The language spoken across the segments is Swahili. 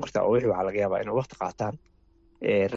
marka wixii waxaa laga yaabaa inuu waqti qaataan eh,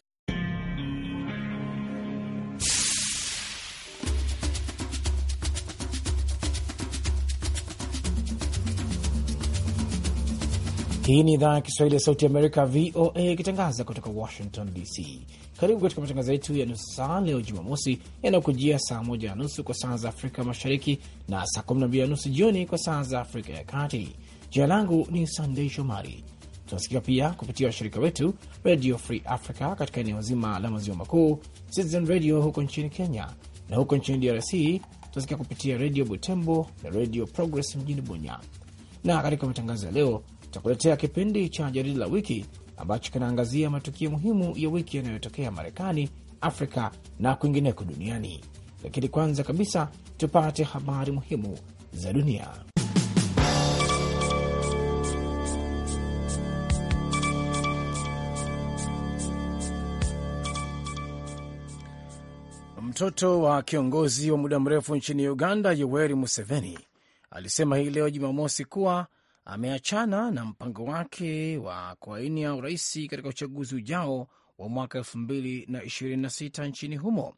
Hii ni idhaa ya Kiswahili ya Sauti Amerika, VOA, ikitangaza kutoka Washington DC. Karibu katika matangazo yetu ya nusu saa leo Jumamosi, yanayokujia saa moja na nusu kwa saa za Afrika Mashariki na saa kumi na mbili na nusu jioni kwa saa za Afrika ya Kati. Jina langu ni Sandei Shomari Tunasikia pia kupitia washirika wetu Radio Free Africa katika eneo zima la maziwa makuu, Citizen Radio huko nchini Kenya, na huko nchini DRC tunasikia kupitia Radio Butembo na Radio Progress mjini Bunya. Na katika matangazo ya leo tutakuletea kipindi cha jarida la wiki ambacho kinaangazia matukio muhimu ya wiki yanayotokea Marekani, Afrika na kwingineko duniani. Lakini kwanza kabisa tupate habari muhimu za dunia. Mtoto wa kiongozi wa muda mrefu nchini Uganda, Yoweri Museveni, alisema hii leo Jumamosi kuwa ameachana na mpango wake wa kuainia uraisi katika uchaguzi ujao wa mwaka 2026 nchini humo,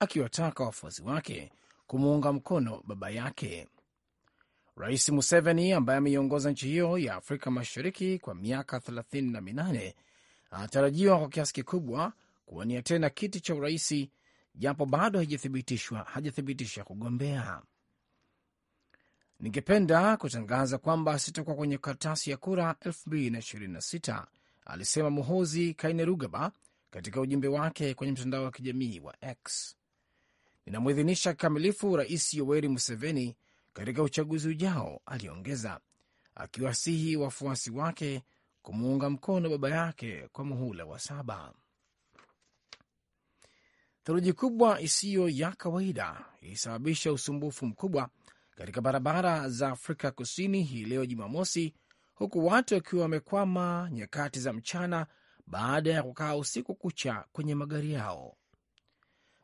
akiwataka wafuasi wake kumuunga mkono baba yake. Rais Museveni ambaye ameiongoza nchi hiyo ya Afrika Mashariki kwa miaka 38 anatarajiwa kwa kiasi kikubwa kuwania tena kiti cha uraisi japo bado hajathibitishwa hajathibitisha kugombea. Ningependa kutangaza kwamba sitakuwa kwenye karatasi ya kura 2026, alisema Muhozi Kainerugaba katika ujumbe wake kwenye mtandao wa kijamii wa X. Ninamwidhinisha kikamilifu Rais Yoweri Museveni katika uchaguzi ujao, aliongeza, akiwasihi wafuasi wake kumuunga mkono baba yake kwa muhula wa saba. Theluji kubwa isiyo ya kawaida ilisababisha usumbufu mkubwa katika barabara za Afrika Kusini hii leo Jumamosi, huku watu wakiwa wamekwama nyakati za mchana baada ya kukaa usiku kucha kwenye magari yao.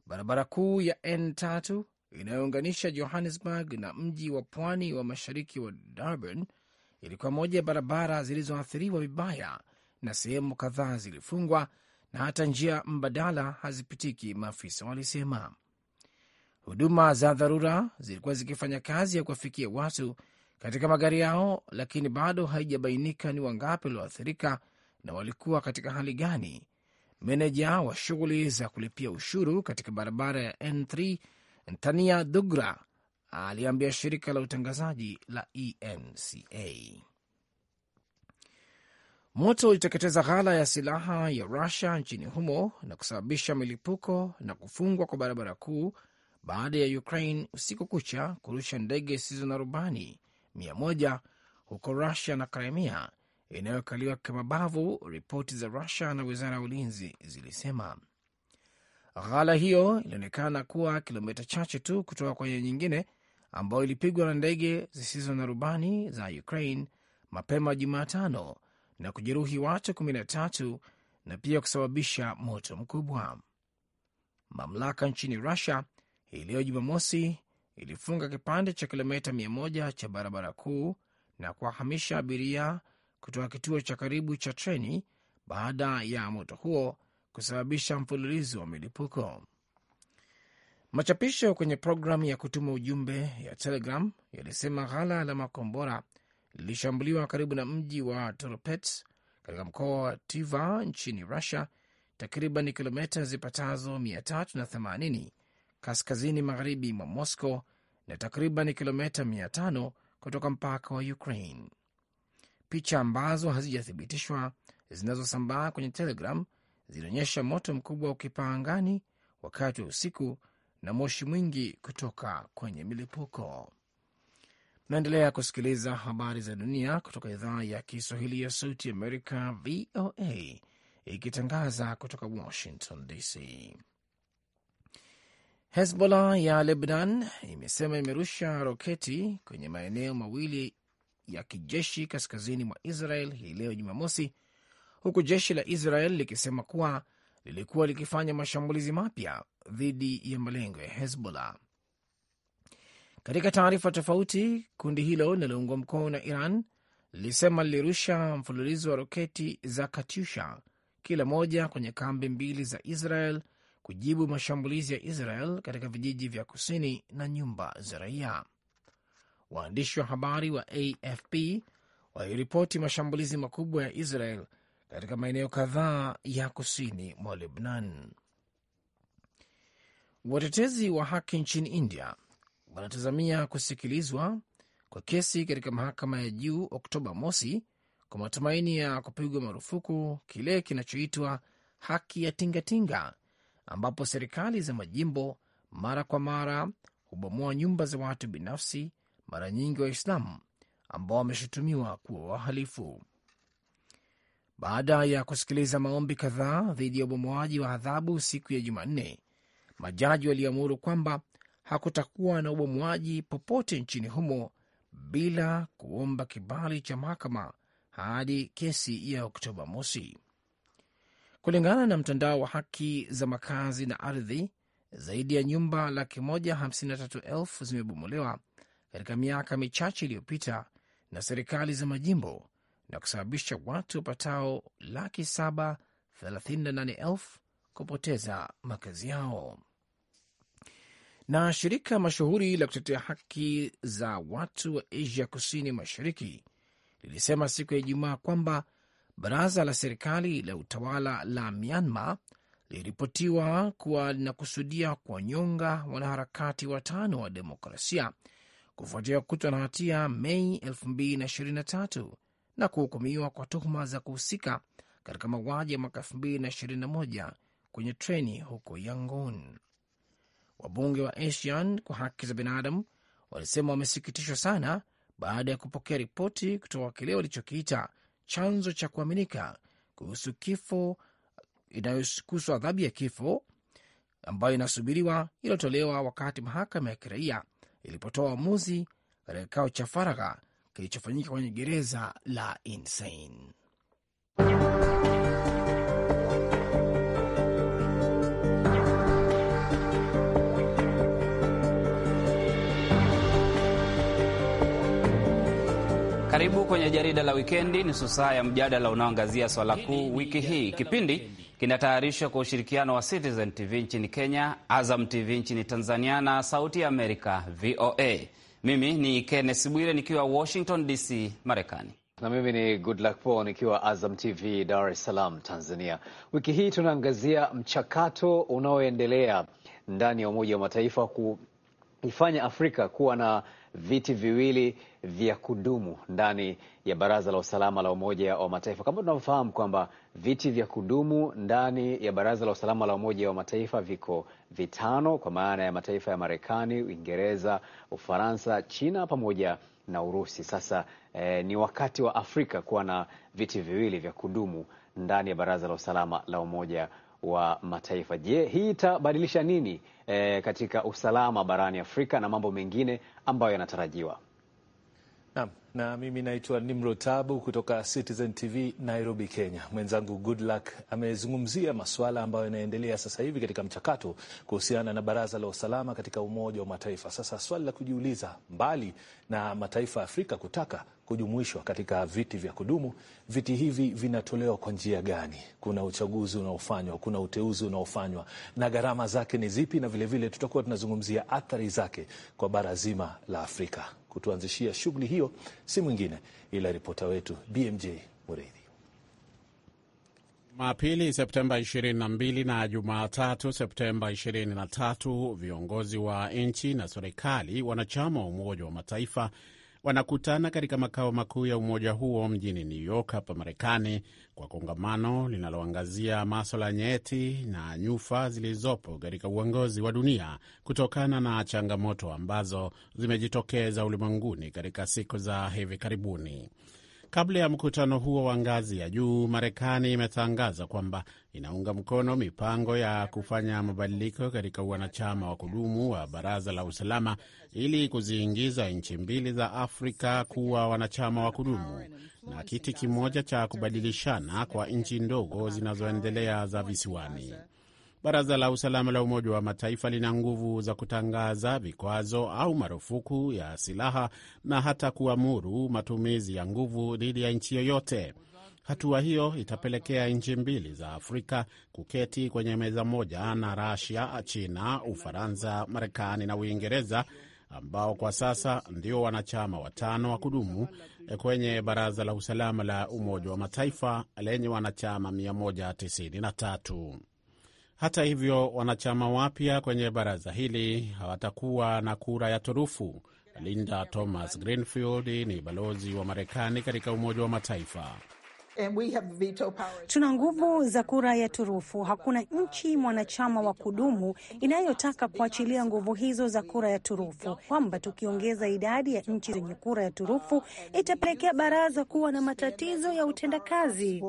Barabara kuu ya N3 inayounganisha Johannesburg na mji wa pwani wa mashariki wa Durban ilikuwa moja ya barabara zilizoathiriwa vibaya na sehemu kadhaa zilifungwa na hata njia mbadala hazipitiki, maafisa walisema. Huduma za dharura zilikuwa zikifanya kazi ya kuwafikia watu katika magari yao, lakini bado haijabainika ni wangapi walioathirika na walikuwa katika hali gani. Meneja wa shughuli za kulipia ushuru katika barabara ya N3 Ntania Dugra aliambia shirika la utangazaji la ENCA. Moto uliteketeza ghala ya silaha ya Rusia nchini humo na kusababisha milipuko na kufungwa kwa barabara kuu baada ya Ukraine usiku kucha kurusha ndege zisizo na rubani mia moja huko Rusia na Crimea inayokaliwa kimabavu, ripoti za Rusia na wizara ya ulinzi zilisema. Ghala hiyo ilionekana kuwa kilomita chache tu kutoka kwenye nyingine ambayo ilipigwa na ndege zisizo na rubani za Ukraine mapema Jumatano na kujeruhi watu kumi na tatu na pia kusababisha moto mkubwa. Mamlaka nchini Rusia hii leo Jumamosi ilifunga kipande cha kilomita mia moja cha barabara kuu na kuwahamisha abiria kutoka kituo cha karibu cha treni baada ya moto huo kusababisha mfululizo wa milipuko. Machapisho kwenye programu ya kutuma ujumbe ya Telegram yalisema ghala la makombora lilishambuliwa karibu na mji wa Toropets katika mkoa wa Tiva nchini Russia, takriban kilomita zipatazo 380 kaskazini magharibi mwa Moscow na takriban kilomita 500 kutoka mpaka wa Ukraine. Picha ambazo hazijathibitishwa zinazosambaa kwenye Telegram zilionyesha moto mkubwa ukipaa angani wakati wa usiku na moshi mwingi kutoka kwenye milipuko. Naendelea kusikiliza habari za dunia kutoka idhaa ya Kiswahili ya Sauti Amerika, VOA, ikitangaza kutoka Washington DC. Hezbollah ya Lebanon imesema imerusha roketi kwenye maeneo mawili ya kijeshi kaskazini mwa Israel hii leo Jumamosi, huku jeshi la Israel likisema kuwa lilikuwa likifanya mashambulizi mapya dhidi ya malengo ya Hezbollah. Katika taarifa tofauti, kundi hilo linaloungwa mkono na Iran lilisema lilirusha mfululizo wa roketi za Katyusha kila moja kwenye kambi mbili za Israel kujibu mashambulizi ya Israel katika vijiji vya kusini na nyumba za raia. Waandishi wa habari wa AFP waliripoti mashambulizi makubwa ya Israel katika maeneo kadhaa ya kusini mwa Lebnan. Watetezi wa haki nchini India wanatazamia kusikilizwa kwa kesi katika mahakama ya juu Oktoba mosi kwa matumaini ya kupigwa marufuku kile kinachoitwa haki ya tingatinga, ambapo serikali za majimbo mara kwa mara hubomoa nyumba za watu binafsi, mara nyingi Waislamu ambao wameshutumiwa kuwa wahalifu. Baada ya kusikiliza maombi kadhaa dhidi ya ubomoaji wa adhabu siku ya Jumanne, majaji waliamuru kwamba hakutakuwa na ubomwaji popote nchini humo bila kuomba kibali cha mahakama hadi kesi ya Oktoba mosi. Kulingana na mtandao wa haki za makazi na ardhi, zaidi ya nyumba laki moja hamsini na tatu elfu zimebomolewa katika miaka michache iliyopita na serikali za majimbo na kusababisha watu wapatao laki saba thelathini na nane elfu kupoteza makazi yao. Na shirika mashuhuri la kutetea haki za watu wa Asia Kusini Mashariki lilisema siku ya Ijumaa kwamba baraza la serikali la utawala la Myanmar liliripotiwa kuwa linakusudia kuwanyonga wanaharakati watano wa demokrasia kufuatia kutwa na hatia Mei 2023 na kuhukumiwa kwa tuhuma za kuhusika katika mauaji ya mwaka 2021 kwenye treni huko Yangon. Wabunge wa ASEAN kwa haki za binadamu walisema wamesikitishwa sana baada ya kupokea ripoti kutoka kile walichokiita chanzo cha kuaminika kuhusu kifo inayokuhusu adhabu ya kifo ambayo inasubiriwa iliyotolewa wakati mahakama ya kiraia ilipotoa uamuzi katika kikao cha faragha kilichofanyika kwenye gereza la Insein. Karibu kwenye jarida la wikendi, nusu saa ya mjadala unaoangazia swala kuu wiki hii. Kipindi kinatayarishwa kwa ushirikiano wa Citizen TV nchini Kenya, Azam TV nchini Tanzania na Sauti ya Amerika, VOA. Mimi ni kennes Bwire nikiwa Washington DC, Marekani na mimi ni Good Po nikiwa Azam TV Dar es Salaam, Tanzania. Wiki hii tunaangazia mchakato unaoendelea ndani ya Umoja wa Mataifa kuifanya Afrika kuwa na viti viwili vya kudumu ndani ya Baraza la Usalama la Umoja wa Mataifa. Kama tunavyofahamu kwamba viti vya kudumu ndani ya Baraza la Usalama la Umoja wa Mataifa viko vitano, kwa maana ya mataifa ya Marekani, Uingereza, Ufaransa, China pamoja na Urusi. Sasa eh, ni wakati wa Afrika kuwa na viti viwili vya kudumu ndani ya Baraza la Usalama la Umoja wa Mataifa. Je, hii itabadilisha nini e, katika usalama barani Afrika na mambo mengine ambayo yanatarajiwa? na mimi naitwa Nimro Tabu kutoka Citizen TV Nairobi, Kenya. Mwenzangu Goodluck amezungumzia masuala ambayo yanaendelea sasa hivi katika mchakato kuhusiana na Baraza la Usalama katika Umoja wa Mataifa. Sasa swali la kujiuliza, mbali na mataifa ya Afrika kutaka kujumuishwa katika viti vya kudumu, viti hivi vinatolewa kwa njia gani? Kuna uchaguzi unaofanywa, kuna uteuzi unaofanywa, na gharama zake ni zipi? Na vilevile tutakuwa tunazungumzia athari zake kwa bara zima la Afrika kutuanzishia shughuli hiyo si mwingine ila ripota wetu BMJ Mureithi. Jumapili Septemba 22 na Jumatatu Septemba 23, viongozi wa nchi na serikali wanachama wa Umoja wa Mataifa wanakutana katika makao makuu ya umoja huo mjini New York hapa Marekani kwa kongamano linaloangazia maswala nyeti na nyufa zilizopo katika uongozi wa dunia kutokana na changamoto ambazo zimejitokeza ulimwenguni katika siku za hivi karibuni. Kabla ya mkutano huo wa ngazi ya juu, Marekani imetangaza kwamba inaunga mkono mipango ya kufanya mabadiliko katika wanachama wa kudumu wa Baraza la Usalama ili kuziingiza nchi mbili za Afrika kuwa wanachama wa kudumu na kiti kimoja cha kubadilishana kwa nchi ndogo zinazoendelea za visiwani. Baraza la Usalama la Umoja wa Mataifa lina nguvu za kutangaza vikwazo au marufuku ya silaha na hata kuamuru matumizi ya nguvu dhidi ya nchi yoyote. Hatua hiyo itapelekea nchi mbili za Afrika kuketi kwenye meza moja na Rasia, China, Ufaransa, Marekani na Uingereza ambao kwa sasa ndio wanachama watano wa kudumu kwenye Baraza la Usalama la Umoja wa Mataifa lenye wanachama 193. Hata hivyo, wanachama wapya kwenye baraza hili hawatakuwa na kura ya turufu. Linda Thomas Greenfield ni balozi wa Marekani katika Umoja wa Mataifa. Tuna nguvu za kura ya turufu. Hakuna nchi mwanachama wa kudumu inayotaka kuachilia nguvu hizo za kura ya turufu, kwamba tukiongeza idadi ya nchi zenye kura ya turufu itapelekea baraza kuwa na matatizo ya utendakazi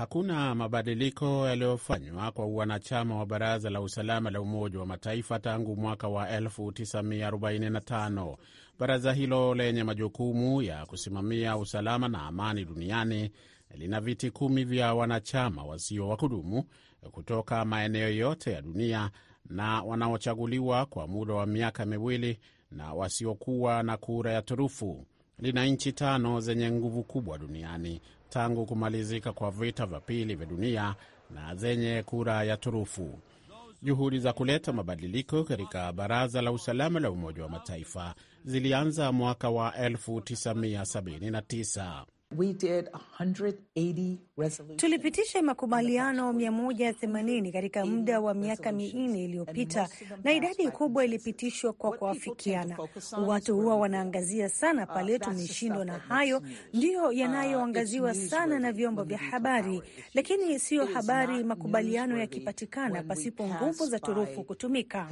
hakuna mabadiliko yaliyofanywa kwa wanachama wa Baraza la Usalama la Umoja wa Mataifa tangu mwaka wa 1945. Baraza hilo lenye majukumu ya kusimamia usalama na amani duniani lina viti kumi vya wanachama wasio wa kudumu kutoka maeneo yote ya dunia na wanaochaguliwa kwa muda wa miaka miwili na wasiokuwa na kura ya turufu. Lina nchi tano zenye nguvu kubwa duniani tangu kumalizika kwa vita vya pili vya dunia na zenye kura ya turufu. Juhudi za kuleta mabadiliko katika Baraza la Usalama la Umoja wa Mataifa zilianza mwaka wa 1979. Tulipitisha makubaliano 180 katika muda wa miaka minne iliyopita, na idadi kubwa ilipitishwa kwa kuafikiana. Watu huwa wanaangazia sana ah, pale tumeshindwa, na hayo ndiyo ah, yanayoangaziwa sana na vyombo vya habari, lakini siyo habari makubaliano yakipatikana pasipo nguvu za turufu kutumika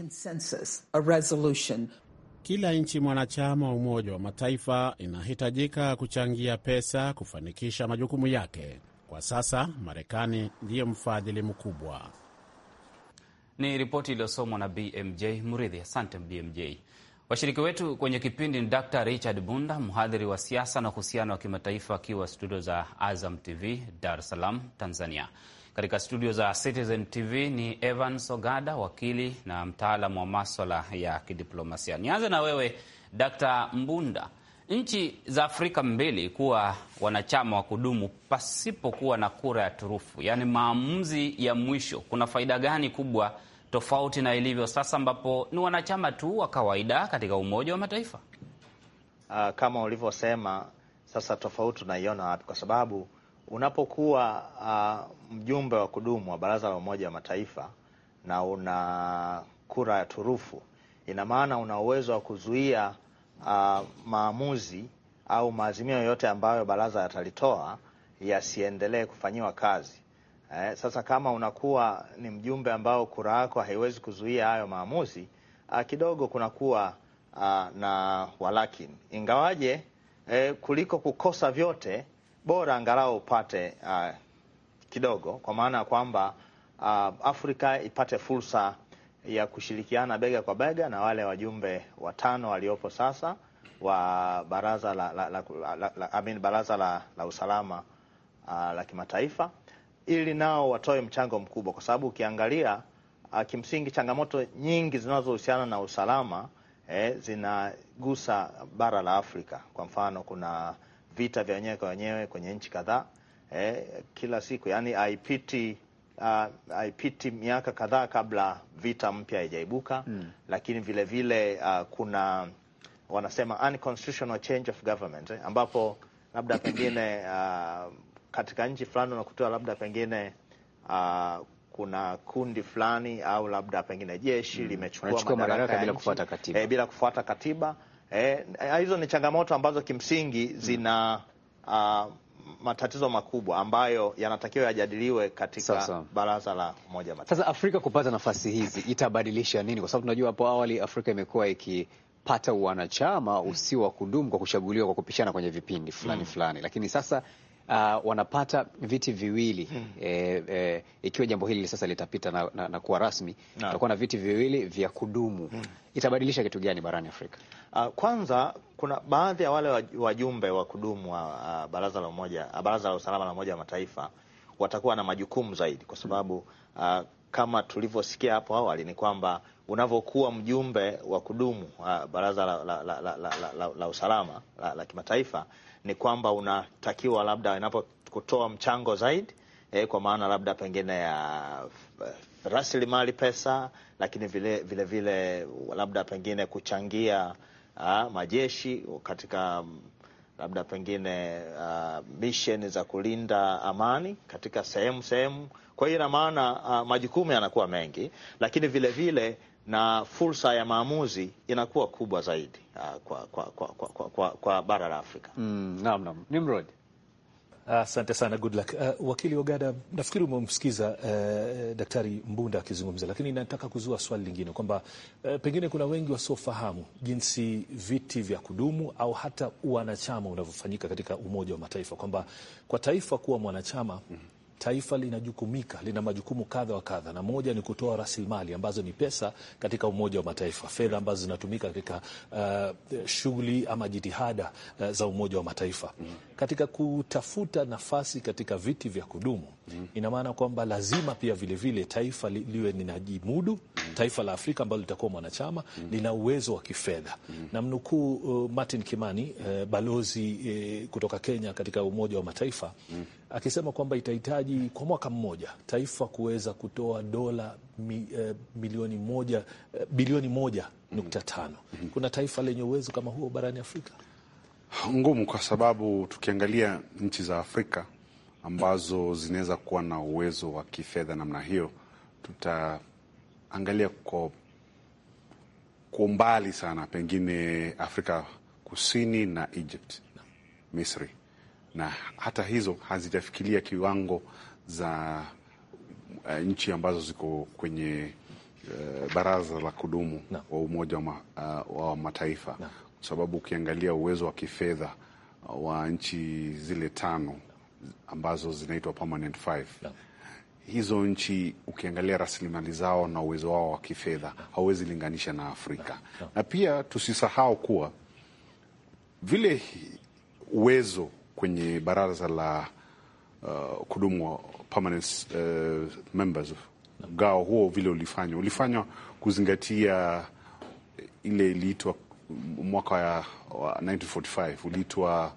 kila nchi mwanachama wa Umoja wa Mataifa inahitajika kuchangia pesa kufanikisha majukumu yake. Kwa sasa Marekani ndiyo mfadhili mkubwa. Ni ripoti iliyosomwa na BMJ mridhi Asante BMJ. Washiriki wetu kwenye kipindi ni Dr Richard Bunda, mhadhiri wa siasa na uhusiano wa kimataifa, akiwa studio za Azam TV Dar es Salaam, Tanzania. Katika studio za Citizen TV ni evan sogada wakili na mtaalam wa maswala ya kidiplomasia. Nianze na wewe Dr. Mbunda, nchi za Afrika mbili kuwa wanachama wa kudumu pasipokuwa na kura ya turufu, yaani maamuzi ya mwisho, kuna faida gani kubwa tofauti na ilivyo sasa ambapo ni wanachama tu wa kawaida katika Umoja wa Mataifa? Uh, kama ulivyosema sasa, tofauti tunaiona wapi? Kwa sababu Unapokuwa uh, mjumbe wa kudumu wa Baraza la Umoja wa Mataifa na una kura ya turufu, ina maana una uwezo wa kuzuia uh, maamuzi au maazimio yoyote ambayo baraza yatalitoa yasiendelee kufanyiwa kazi. Eh, sasa kama unakuwa ni mjumbe ambao kura yako haiwezi kuzuia hayo maamuzi uh, kidogo kunakuwa uh, na walakin ingawaje eh, kuliko kukosa vyote bora angalau upate uh, kidogo, kwa maana ya kwamba uh, Afrika ipate fursa ya kushirikiana bega kwa bega na wale wajumbe watano waliopo sasa wa baraza la, la, la, la, la, I mean, baraza la, la usalama uh, la kimataifa ili nao watoe mchango mkubwa, kwa sababu ukiangalia uh, kimsingi changamoto nyingi zinazohusiana na usalama eh, zinagusa bara la Afrika. Kwa mfano kuna vita vya wenyewe kwa wenyewe kwenye nchi kadhaa eh, kila siku yani haipiti uh, haipiti miaka kadhaa kabla vita mpya haijaibuka mm. Lakini vile vile uh, kuna wanasema unconstitutional change of government eh, ambapo labda pengine uh, katika nchi fulani unakutoa labda pengine uh, kuna kundi fulani au labda pengine jeshi mm. limechukua madaraka bila kufuata katiba, eh, bila kufuata katiba Eh, hizo ni changamoto ambazo kimsingi zina uh, matatizo makubwa ambayo yanatakiwa yajadiliwe katika sa. baraza la Umoja Mataifa. Sasa Afrika kupata nafasi hizi itabadilisha nini? Kwa sababu tunajua hapo awali Afrika imekuwa ikipata wanachama hmm. usio wa kudumu kwa kuchaguliwa kwa kupishana kwenye vipindi fulani mm, fulani, lakini sasa uh, wanapata viti viwili mm, e, e, ikiwa jambo hili sasa litapita na, na, na kuwa rasmi, tutakuwa na viti viwili vya kudumu mm. Itabadilisha kitu gani barani Afrika? Uh, kwanza kuna baadhi ya wale wajumbe wa kudumu wa uh, baraza la umoja uh, baraza la usalama la Umoja wa Mataifa watakuwa na majukumu zaidi, kwa sababu uh, kama tulivyosikia hapo awali ni kwamba unavyokuwa mjumbe wa kudumu uh, baraza la, la, la, la, la, la, la usalama la, la kimataifa ni kwamba unatakiwa labda inapokutoa mchango zaidi eh, kwa maana labda pengine ya uh, rasilimali pesa, lakini vile vile, vile labda pengine kuchangia Ah, majeshi katika mm, labda pengine uh, ah, misheni za kulinda amani katika sehemu sehemu. Kwa hiyo ina maana uh, majukumu yanakuwa mengi, lakini vilevile vile, na fursa ya maamuzi inakuwa kubwa zaidi uh, kwa, kwa, kwa, kwa, kwa, kwa, kwa bara la Afrika. Mm, naam, naam. Nimrod. Asante sana good luck. Uh, wakili Ogada, nafikiri umemsikiza uh, Daktari Mbunda akizungumza, lakini nataka kuzua swali lingine kwamba uh, pengine kuna wengi wasiofahamu jinsi viti vya kudumu au hata wanachama unavyofanyika katika Umoja wa Mataifa, kwamba kwa taifa kuwa mwanachama mm -hmm taifa linajukumika, lina majukumu kadha wa kadha, na moja ni kutoa rasilimali ambazo ni pesa katika Umoja wa Mataifa, fedha ambazo zinatumika katika uh, shughuli ama jitihada uh, za Umoja wa Mataifa mm. katika kutafuta nafasi katika viti vya kudumu mm. ina maana kwamba lazima pia vilevile vile taifa li, liwe linajimudu taifa la Afrika ambalo litakuwa mwanachama mm. lina uwezo wa kifedha mm. na mnukuu uh, Martin Kimani uh, balozi uh, kutoka Kenya katika Umoja wa Mataifa mm akisema kwamba itahitaji kwa mwaka mmoja taifa kuweza kutoa dola mi, eh, milioni moja eh, bilioni moja nukta tano. Mhm. Kuna taifa lenye uwezo kama huo barani Afrika? Ngumu, kwa sababu tukiangalia nchi za Afrika ambazo zinaweza kuwa na uwezo wa kifedha namna hiyo, tutaangalia kwa kwa umbali sana, pengine Afrika Kusini na Egypt, Misri na hata hizo hazijafikilia kiwango za uh, nchi ambazo ziko kwenye uh, baraza la kudumu na wa Umoja wa, uh, wa Mataifa, kwa sababu ukiangalia uwezo wa kifedha wa nchi zile tano ambazo zinaitwa permanent five hizo nchi ukiangalia rasilimali zao na uwezo wao wa kifedha hauwezi linganisha na Afrika na pia tusisahau kuwa vile uwezo kwenye baraza la uh, kudumu permanent uh, members. Mgao huo vile ulifanywa ulifanywa kuzingatia ile iliitwa mwaka wa 1945 uliitwa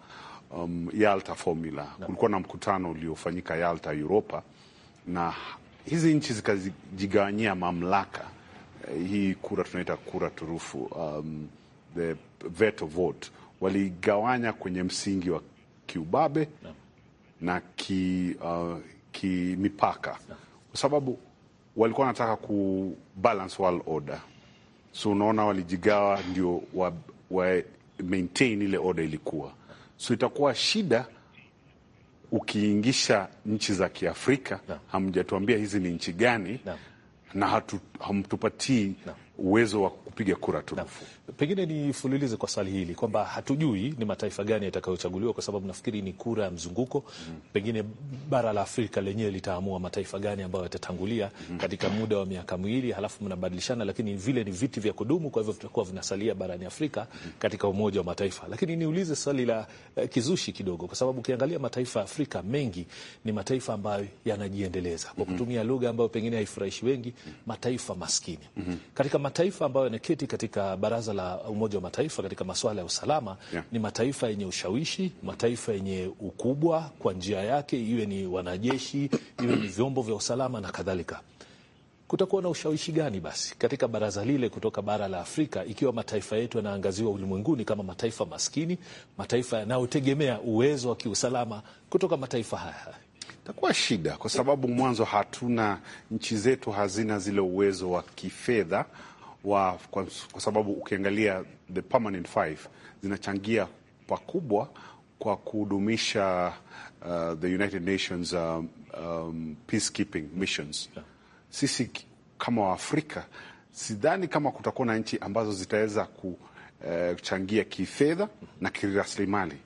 um, Yalta formula. Kulikuwa na mkutano uliofanyika Yalta Europa, na hizi nchi zikajigawanyia mamlaka. Eh, hii kura tunaita kura turufu, um, the veto vote, waligawanya kwenye msingi wa kiubabe na ki, uh, kimipaka kwa sababu walikuwa wanataka ku balance world order, so unaona walijigawa ndio wa, wa maintain ile order ilikuwa, so itakuwa shida ukiingisha nchi za Kiafrika hamjatuambia hizi ni nchi gani na, na hatu, hamtupatii uwezo wa kupiga kura tu. Pengine nifululize kwa swali hili kwamba hatujui ni mataifa gani yatakayochaguliwa, kwa sababu nafikiri ni kura ya mzunguko mm. Pengine bara la Afrika lenyewe litaamua mataifa gani ambayo yatatangulia mm. katika muda wa miaka miwili, halafu mnabadilishana, lakini vile ni viti vya kudumu, kwa hivyo vitakuwa vinasalia barani Afrika mm-hmm. katika Umoja wa Mataifa. Lakini niulize swali la uh, kizushi kidogo, kwa sababu ukiangalia mataifa ya Afrika mengi ni mataifa ambayo yanajiendeleza kwa kutumia lugha ambayo pengine haifurahishi wengi, mataifa maskini mm katika mataifa ambayo yanaketi katika baraza la Umoja wa Mataifa katika masuala ya usalama yeah, ni mataifa yenye ushawishi, mataifa yenye ukubwa kwa njia yake, iwe ni wanajeshi, iwe ni vyombo vya usalama na kadhalika. Kutakuwa na ushawishi gani basi katika baraza lile kutoka bara la Afrika ikiwa mataifa yetu yanaangaziwa ulimwenguni kama mataifa maskini, mataifa yanayotegemea uwezo wa kiusalama kutoka mataifa haya? Itakuwa shida kwa sababu mwanzo hatuna, nchi zetu hazina zile uwezo wa kifedha wa kwa, kwa sababu ukiangalia the permanent five zinachangia pakubwa kwa kudumisha uh, the United Nations um, um, peacekeeping missions. Sisi kama Waafrika sidhani kama kutakuwa na nchi ambazo zitaweza kuchangia uh, kifedha na kirasilimali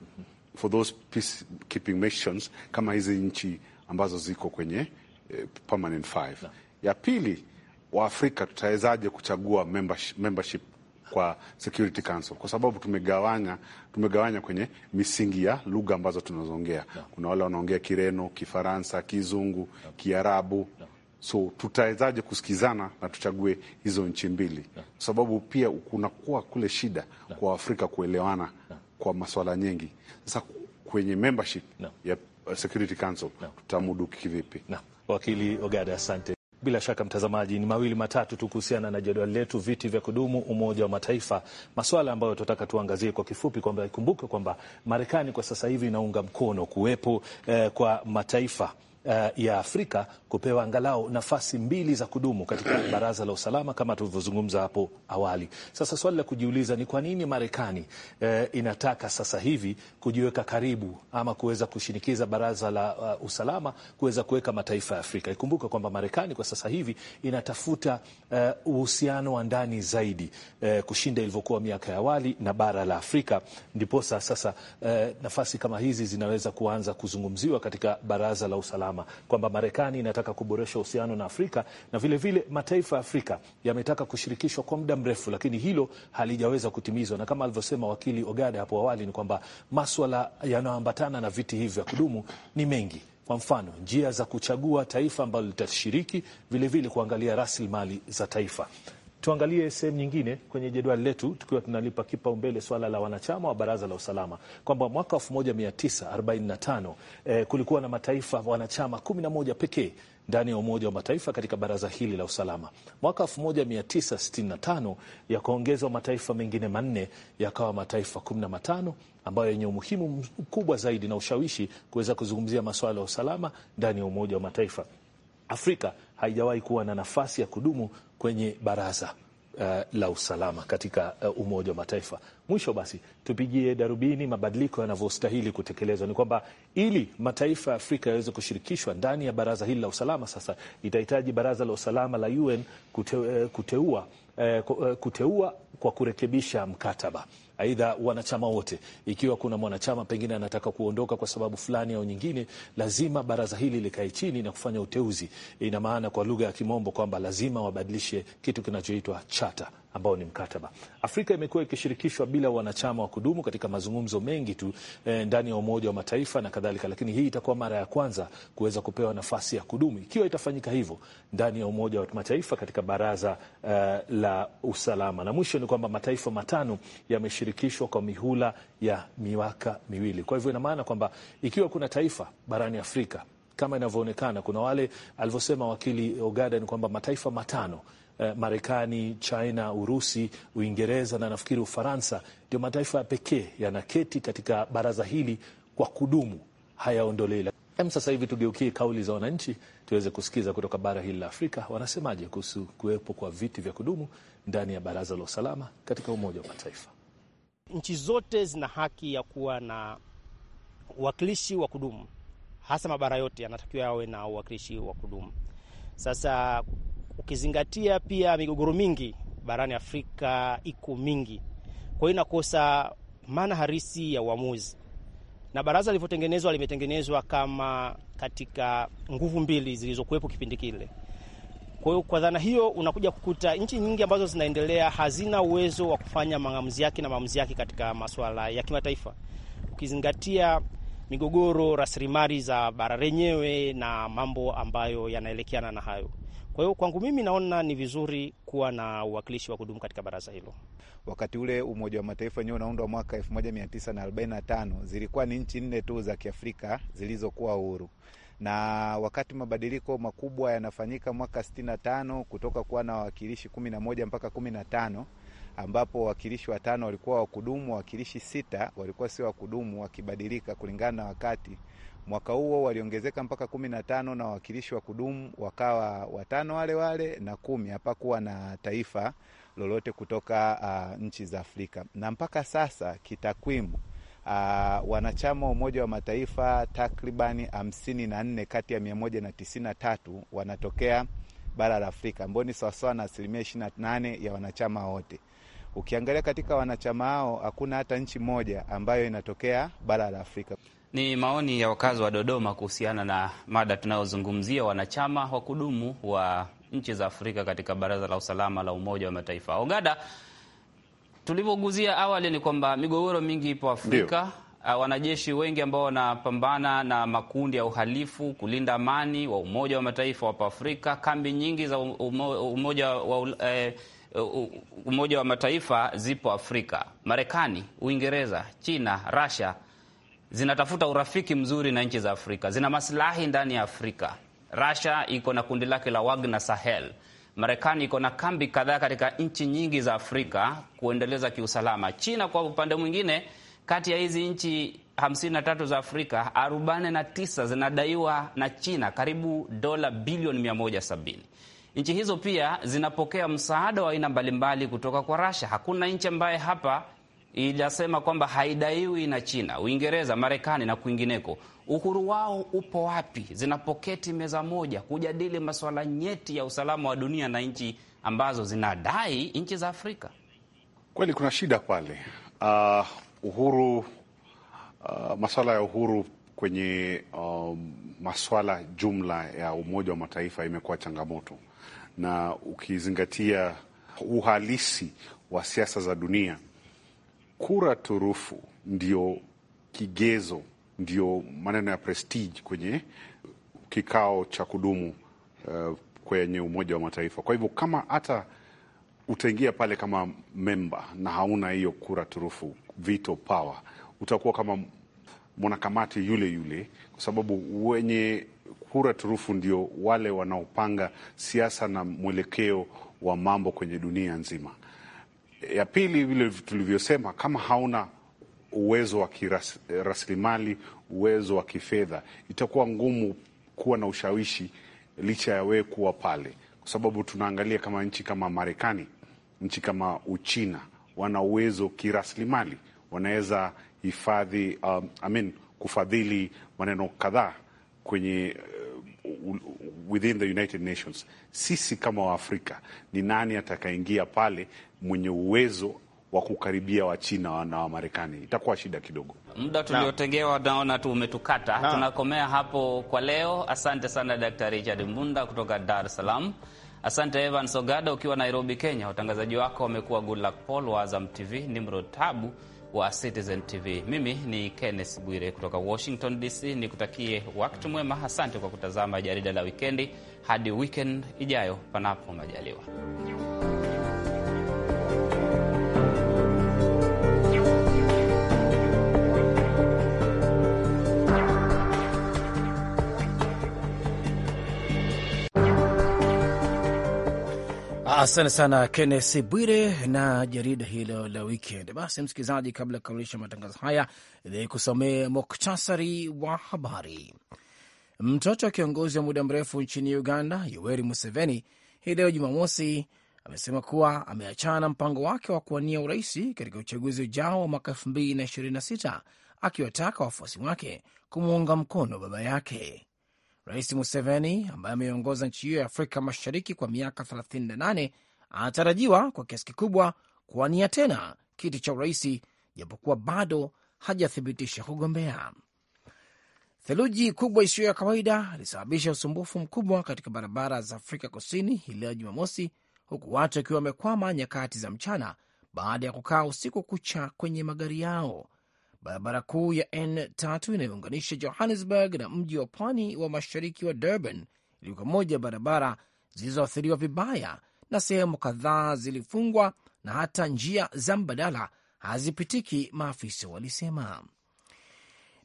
for those peacekeeping missions kama hizi nchi ambazo ziko kwenye uh, permanent five. Ya pili Waafrika tutawezaje kuchagua membership, membership kwa Security Council kwa sababu tumegawanya tumegawanya kwenye misingi ya lugha ambazo tunazoongea no. Kuna wale wanaongea Kireno, Kifaransa, Kizungu no. Kiarabu no. So tutawezaje kusikizana na tuchague hizo nchi mbili kwa no. sababu pia kunakuwa kule shida no. kwa Afrika kuelewana no. kwa maswala nyingi. Sasa kwenye membership no. ya Security Council no. tutamudu kivipi? no. Wakili Ogada, asante. Bila shaka mtazamaji, ni mawili matatu tu kuhusiana na jadwali letu viti vya kudumu Umoja wa Mataifa, masuala ambayo tunataka tuangazie kwa kifupi, kwamba ikumbuke kwamba Marekani kwa sasa hivi inaunga mkono kuwepo eh, kwa mataifa eh, ya Afrika kupewa angalau nafasi mbili za kudumu katika baraza la usalama kama tulivyozungumza hapo awali. Sasa swali la kujiuliza ni kwa nini Marekani eh, inataka sasa hivi kujiweka karibu ama kuweza kushinikiza baraza la uh, usalama kuweza kuweka mataifa ya Afrika. Ikumbuka kwamba Marekani kwa sasa hivi inatafuta uh, uhusiano wa ndani zaidi uh, kushinda ilivyokuwa miaka ya awali na bara la Afrika, ndiposa sasa uh, nafasi kama hizi zinaweza kuanza kuzungumziwa katika baraza la usalama kwamba Marekani inataka wanataka kuboresha uhusiano na Afrika na vilevile vile mataifa ya Afrika yametaka kushirikishwa kwa muda mrefu, lakini hilo halijaweza kutimizwa, na kama alivyosema wakili Ogada hapo awali ni kwamba maswala yanayoambatana na viti hivi vya kudumu ni mengi kwa mfano njia za kuchagua taifa ambalo litashiriki, vilevile kuangalia rasilimali za taifa. Tuangalie sehemu nyingine kwenye jedwali letu, tukiwa tunalipa kipaumbele swala la wanachama wa baraza la usalama, kwamba mwaka 1945 eh, kulikuwa na mataifa wanachama 11 pekee ndani ya Umoja wa Mataifa katika baraza hili la usalama. Mwaka 1965 yakaongezwa mataifa mengine manne yakawa mataifa 15 ambayo yenye umuhimu mkubwa zaidi na ushawishi kuweza kuzungumzia masuala ya usalama ndani ya Umoja wa Mataifa. Afrika haijawahi kuwa na nafasi ya kudumu kwenye baraza uh, la usalama katika uh, Umoja wa Mataifa. Mwisho basi, tupigie darubini mabadiliko yanavyostahili kutekelezwa. Ni kwamba ili mataifa ya Afrika yaweze kushirikishwa ndani ya baraza hili la usalama, sasa itahitaji baraza la usalama la UN kute, eh, kuteua, kuteua kwa kurekebisha mkataba Aidha, wanachama wote, ikiwa kuna mwanachama pengine anataka kuondoka kwa sababu fulani au nyingine, lazima baraza hili likae chini na kufanya uteuzi. Ina maana kwa lugha ya kimombo kwamba lazima wabadilishe kitu kinachoitwa chata ambao ni mkataba. Afrika imekuwa ikishirikishwa bila wanachama wa kudumu katika mazungumzo mengi tu e, ndani ya Umoja wa Mataifa na kadhalika, lakini hii itakuwa mara ya kwanza kuweza kupewa nafasi ya kudumu, ikiwa itafanyika hivyo ndani ya Umoja wa Mataifa katika baraza uh, la usalama. Na mwisho ni kwamba mataifa matano yamesh kushirikishwa kwa mihula ya miaka miwili. Kwa hivyo ina maana kwamba ikiwa kuna taifa barani Afrika kama inavyoonekana, kuna wale alivyosema wakili Ogada ni kwamba mataifa matano eh, Marekani, China, Urusi, Uingereza na nafikiri Ufaransa ndio mataifa ya pekee yanaketi katika baraza hili kwa kudumu, hayaondolei. Em, Sasa hivi tugeukie kauli za wananchi tuweze kusikiza kutoka bara hili la Afrika wanasemaje kuhusu kuwepo kwa viti vya kudumu ndani ya baraza la usalama katika Umoja wa Mataifa. Nchi zote zina haki ya kuwa na uwakilishi wa kudumu, hasa mabara yote yanatakiwa yawe na uwakilishi wa kudumu. Sasa ukizingatia pia migogoro mingi barani Afrika iko mingi, kwa hiyo inakosa maana harisi ya uamuzi, na baraza lilivyotengenezwa limetengenezwa kama katika nguvu mbili zilizokuwepo kipindi kile. Kwa hiyo kwa dhana hiyo, unakuja kukuta nchi nyingi ambazo zinaendelea hazina uwezo wa kufanya maamuzi yake na maamuzi yake katika masuala ya kimataifa, ukizingatia migogoro, rasilimali za bara lenyewe na mambo ambayo yanaelekeana na hayo. Kwa hiyo kwangu mimi naona ni vizuri kuwa na uwakilishi wa kudumu katika baraza hilo. Wakati ule Umoja wa Mataifa wenyewe unaundwa mwaka 1945 zilikuwa ni nchi nne tu za Kiafrika zilizokuwa huru na wakati mabadiliko makubwa yanafanyika mwaka 65 kutoka kuwa na wawakilishi 11 mpaka 15 ambapo wawakilishi watano walikuwa wakudumu, wawakilishi sita walikuwa sio wakudumu, wakibadilika kulingana na wakati. Mwaka huo waliongezeka mpaka kumi na tano na wawakilishi wa kudumu wakawa watano wale wale na kumi. Hapakuwa na taifa lolote kutoka uh, nchi za Afrika na mpaka sasa kitakwimu uh, wanachama wa Umoja wa Mataifa takribani hamsini na nne kati ya mia moja na tisini na tatu wanatokea bara la Afrika ambao ni sawasawa na asilimia ishirini na nane ya wanachama wote. Ukiangalia katika wanachama hao hakuna hata nchi moja ambayo inatokea bara la Afrika. Ni maoni ya wakazi wa Dodoma kuhusiana na mada tunayozungumzia, wanachama wa kudumu wa nchi za Afrika katika Baraza la Usalama la Umoja wa Mataifa. Ogada Tulivyoguzia awali ni kwamba migogoro mingi ipo Afrika. Uh, wanajeshi wengi ambao wanapambana na makundi ya uhalifu kulinda amani wa Umoja wa Mataifa wapo Afrika. Kambi nyingi za umo, umoja, wa, uh, Umoja wa Mataifa zipo Afrika. Marekani, Uingereza, China, Russia zinatafuta urafiki mzuri na nchi za Afrika, zina maslahi ndani ya Afrika. Russia iko na kundi lake la Wagner Sahel Marekani iko na kambi kadhaa katika nchi nyingi za Afrika kuendeleza kiusalama. China kwa upande mwingine, kati ya hizi nchi 53 za Afrika 49 zinadaiwa na China karibu dola bilioni 170. Nchi hizo pia zinapokea msaada wa aina mbalimbali kutoka kwa Russia. Hakuna nchi ambaye hapa itasema kwamba haidaiwi na China. Uingereza, Marekani na kwingineko uhuru wao upo wapi zinapoketi meza moja kujadili masuala nyeti ya usalama wa dunia na nchi ambazo zinadai nchi za Afrika? Kweli kuna shida pale. Uh, uhuru uh, ah, masuala ya uhuru kwenye um, maswala jumla ya Umoja wa Mataifa imekuwa changamoto, na ukizingatia uhalisi wa siasa za dunia, kura turufu ndio kigezo ndio maneno ya prestige kwenye kikao cha kudumu uh, kwenye Umoja wa Mataifa. Kwa hivyo kama hata utaingia pale kama memba na hauna hiyo kura turufu veto power, utakuwa kama mwanakamati yule yule, kwa sababu wenye kura turufu ndio wale wanaopanga siasa na mwelekeo wa mambo kwenye dunia nzima. Ya pili, vile tulivyosema, kama hauna uwezo wa kirasilimali, uwezo wa kifedha, itakuwa ngumu kuwa na ushawishi licha ya wewe kuwa pale, kwa sababu tunaangalia kama nchi kama Marekani, nchi kama Uchina wana uwezo kirasilimali, wanaweza hifadhi um, I mean, kufadhili maneno kadhaa kwenye uh, within the United Nations. Sisi kama Waafrika ni nani atakaingia pale mwenye uwezo wa kukaribia Wachina na Wamarekani, itakuwa shida kidogo. Muda tuliotengewa naona tu umetukata na, tunakomea hapo kwa leo. Asante sana Daktari Richard Mbunda kutoka Dar es Salaam. Asante Evans Ogada ukiwa Nairobi, Kenya. Watangazaji wako wamekuwa Goodluck Paul wa Azam TV, Nimrod Tabu wa Citizen TV. Mimi ni kennes Bwire kutoka Washington DC, nikutakie wakati mwema. Asante kwa kutazama jarida la wikendi. Hadi wikend ijayo, panapo majaliwa. Asante sana Kennes Bwire na jarida hilo la wikend. Basi msikilizaji, kabla ya kukamilisha matangazo haya, ni kusomee muktasari wa habari. Mtoto wa kiongozi wa muda mrefu nchini Uganda, Yoweri Museveni, hii leo Jumamosi amesema kuwa ameachana na mpango wake wa kuwania uraisi katika uchaguzi ujao wa mwaka 226 akiwataka wafuasi wake kumuunga mkono baba yake. Rais Museveni ambaye ameongoza nchi hiyo ya Afrika Mashariki kwa miaka 38 anatarajiwa kwa kiasi kikubwa kuwania tena kiti cha uraisi, japokuwa bado hajathibitisha kugombea. Theluji kubwa isiyo ya kawaida ilisababisha usumbufu mkubwa katika barabara za Afrika Kusini hii leo Jumamosi, huku watu wakiwa wamekwama nyakati za mchana baada ya kukaa usiku kucha kwenye magari yao barabara kuu ya N3 inayounganisha Johannesburg na mji wa pwani wa mashariki wa Durban ilikuwa moja barabara zilizoathiriwa vibaya, na sehemu kadhaa zilifungwa na hata njia za mbadala hazipitiki, maafisa walisema.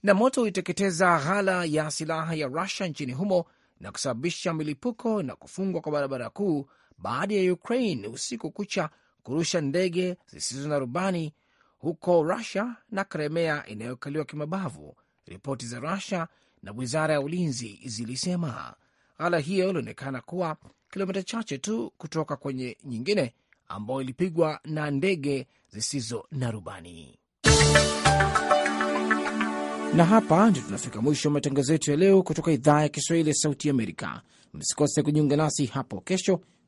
Na moto uliteketeza ghala ya silaha ya Rusia nchini humo na kusababisha milipuko na kufungwa kwa barabara kuu baada ya Ukraine usiku kucha kurusha ndege zisizo na rubani huko Rusia na Kremea inayokaliwa kimabavu, ripoti za Rusia na wizara ya ulinzi zilisema. Ghala hiyo ilionekana kuwa kilomita chache tu kutoka kwenye nyingine ambayo ilipigwa na ndege zisizo na rubani. Na hapa ndio tunafika mwisho wa matangazo yetu ya leo kutoka idhaa ya Kiswahili ya Sauti Amerika. Msikose kujiunga nasi hapo kesho